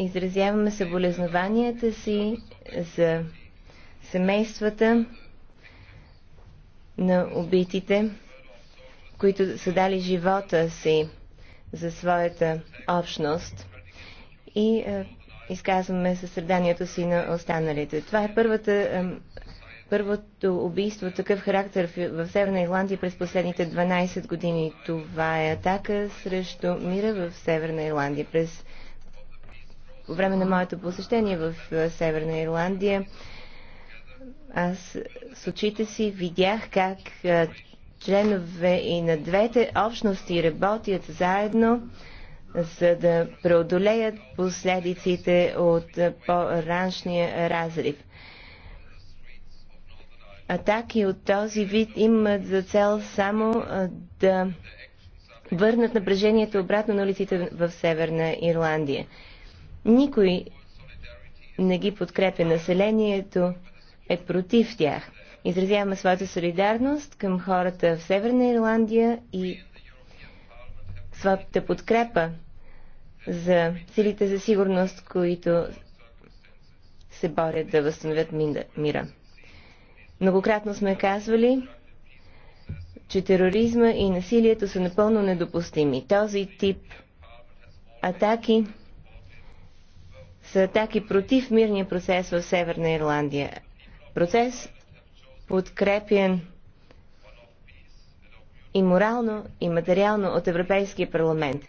Изразяваме съболезнованията си за семействата на убитите, които са дали живота си за своята общност и е, изказваме състраданието си на останалите. Това е първата, е, първото убийство такъв характер в, в Северна Ирландия през последните 12 години. Това е атака срещу мира в Северна Ирландия. През по време на моето посещение в е, Северна Ирландия, аз с очите си видях как е, членове и на двете общности работят заедно, за да преодолеят последиците от е, по-раншния разрив. Атаки от този вид имат за цел само да върнат напрежението обратно на улиците в Северна Ирландия. Никой не ги подкрепя. Населението е против тях. Изразяваме своята солидарност към хората в Северна Ирландия и своята подкрепа за силите за сигурност, които се борят да възстановят мира. Многократно сме казвали, че тероризма и насилието са напълно недопустими. Този тип атаки са атаки против мирния процес в Северна Ирландия. Процес подкрепен и морално, и материално от Европейския парламент.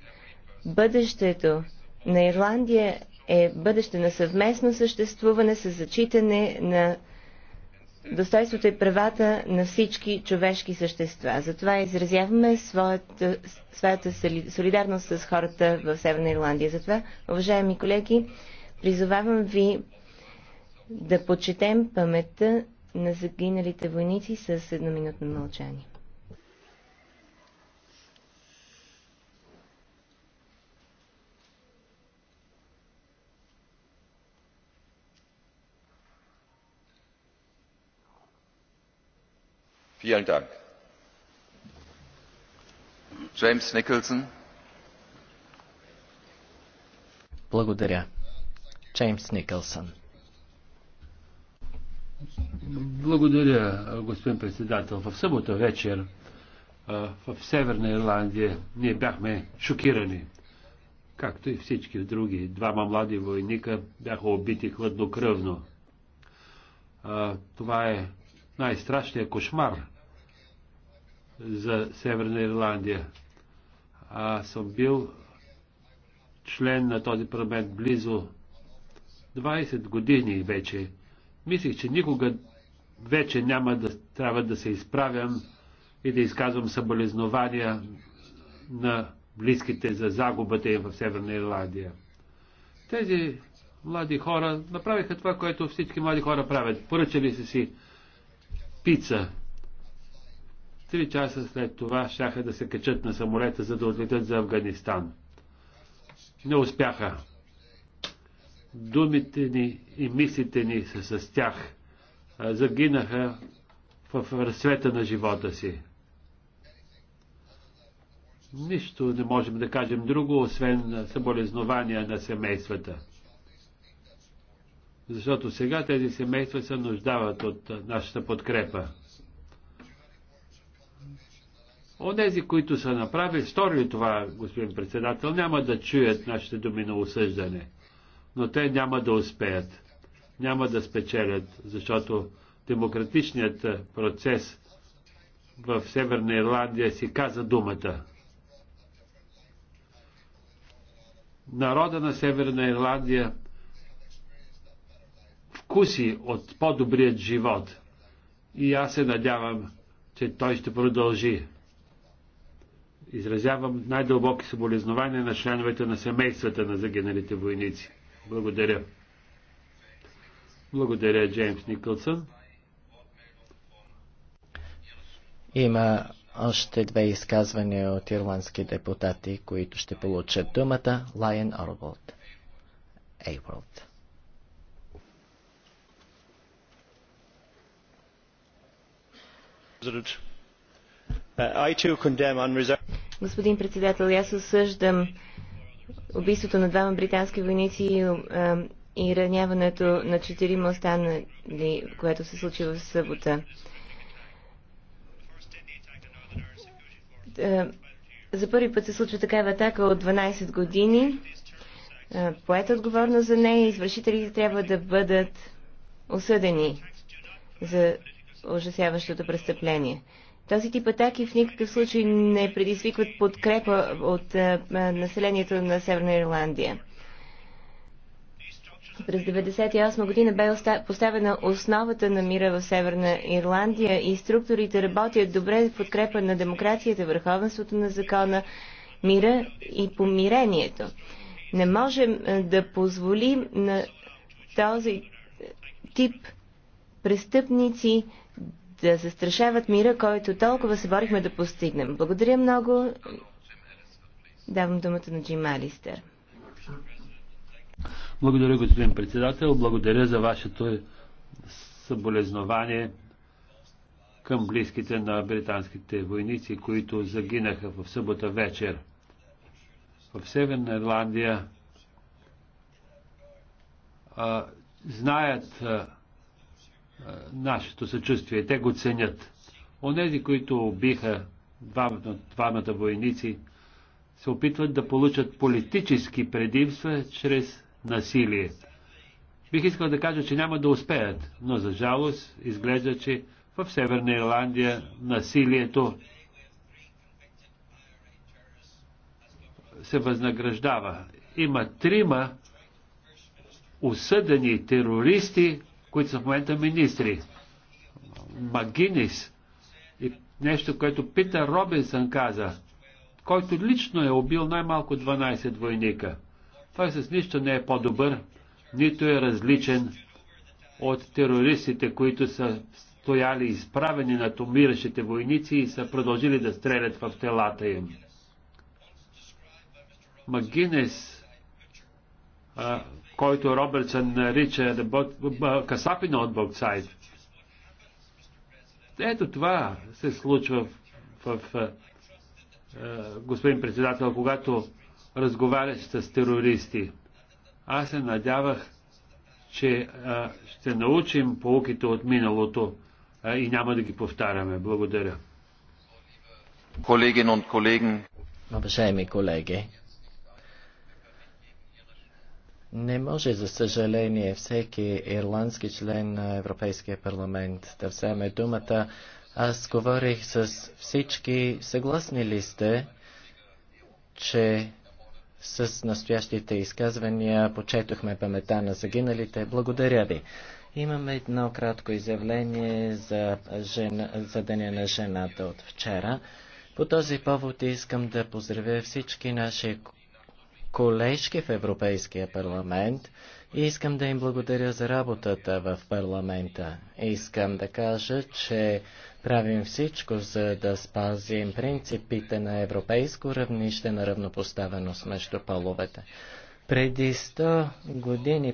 Бъдещето на Ирландия е бъдеще на съвместно съществуване с зачитане на достоинството и правата на всички човешки същества. Затова изразяваме своята, своята солидарност с хората в Северна Ирландия. Затова, уважаеми колеги, Призовавам ви да почетем паметта на загиналите войници с едноминутно мълчание. Vielen Dank. James Nicholson. Благодаря. Джеймс Никълсън. Благодаря, господин председател. В събота вечер в Северна Ирландия ние бяхме шокирани. Както и всички други. Двама млади войника бяха убити хладнокръвно. Това е най-страшният кошмар за Северна Ирландия. Аз съм бил член на този парламент близо 20 години вече. Мислих, че никога вече няма да трябва да се изправям и да изказвам съболезнования на близките за загубата им в Северна Ирландия. Тези млади хора направиха това, което всички млади хора правят. Поръчали се си пица. Три часа след това щяха да се качат на самолета, за да отлетят за Афганистан. Не успяха. Думите ни и мислите ни са с тях. Загинаха в разцвета на живота си. Нищо не можем да кажем друго, освен съболезнования на семействата. Защото сега тези семейства се нуждават от нашата подкрепа. Онези, които са направили, сторили това, господин председател, няма да чуят нашите думи на осъждане но те няма да успеят. Няма да спечелят, защото демократичният е, процес в Северна Ирландия си каза думата. Народа на Северна Ирландия вкуси от по-добрият живот. И аз се надявам, че той ще продължи. Изразявам най-дълбоки съболезнования на членовете на семействата на загиналите войници. Благодаря. Благодаря, Джеймс Никълсън. Има още две изказвания от ирландски депутати, които ще получат думата. Лайен Орволд. Ейволд. Господин председател, аз осъждам убийството на двама британски войници и, а, и раняването на четирима останали, което се случи в събота. Е, за първи път се случва такава атака от 12 години. Е, поет е отговорност за нея и извършителите трябва да бъдат осъдени за ужасяващото престъпление. Този тип атаки в никакъв случай не предизвикват подкрепа от населението на Северна Ирландия. През 1998 година бе поставена основата на мира в Северна Ирландия и структурите работят добре в подкрепа на демокрацията, върховенството на закона, мира и помирението. Не можем да позволим на този тип престъпници да застрашават мира, който толкова се борихме да постигнем. Благодаря много. Давам думата на Джим Алистер. Благодаря, господин председател. Благодаря за вашето съболезнование към близките на британските войници, които загинаха в събота вечер. В Северна Ирландия а, знаят а, е, нашето съчувствие. Те го ценят. Онези, които убиха двамата, двамата войници, се опитват да получат политически предимства чрез насилие. Бих искал да кажа, че няма да успеят, но за жалост изглежда, че в Северна Ирландия насилието се възнаграждава. Има трима осъдени терористи, които са в момента министри. Магинис и нещо, което Питър Робинсън каза, който лично е убил най-малко 12 войника. Той с нищо не е по-добър, нито е различен от терористите, които са стояли изправени на умиращите войници и са продължили да стрелят в телата им. Магинес който Робертсън нарича касапина от Боксайд. Ето това се случва в, в, в е, господин председател, когато разговаряш с терористи. Аз се надявах, че а, е, ще научим полуките от миналото а, е, и няма да ги повтаряме. Благодаря. Колеги и колеги. Уважаеми колеги, не може, за съжаление, всеки ирландски член на Европейския парламент да вземе думата. Аз говорих с всички. Съгласни ли сте, че с настоящите изказвания почетохме памета на загиналите? Благодаря ви. Имаме едно кратко изявление за, жена, за Деня на жената от вчера. По този повод искам да поздравя всички наши колежки в Европейския парламент и искам да им благодаря за работата в парламента. Искам да кажа, че правим всичко, за да спазим принципите на европейско равнище на равнопоставеност между половете. Преди 100 години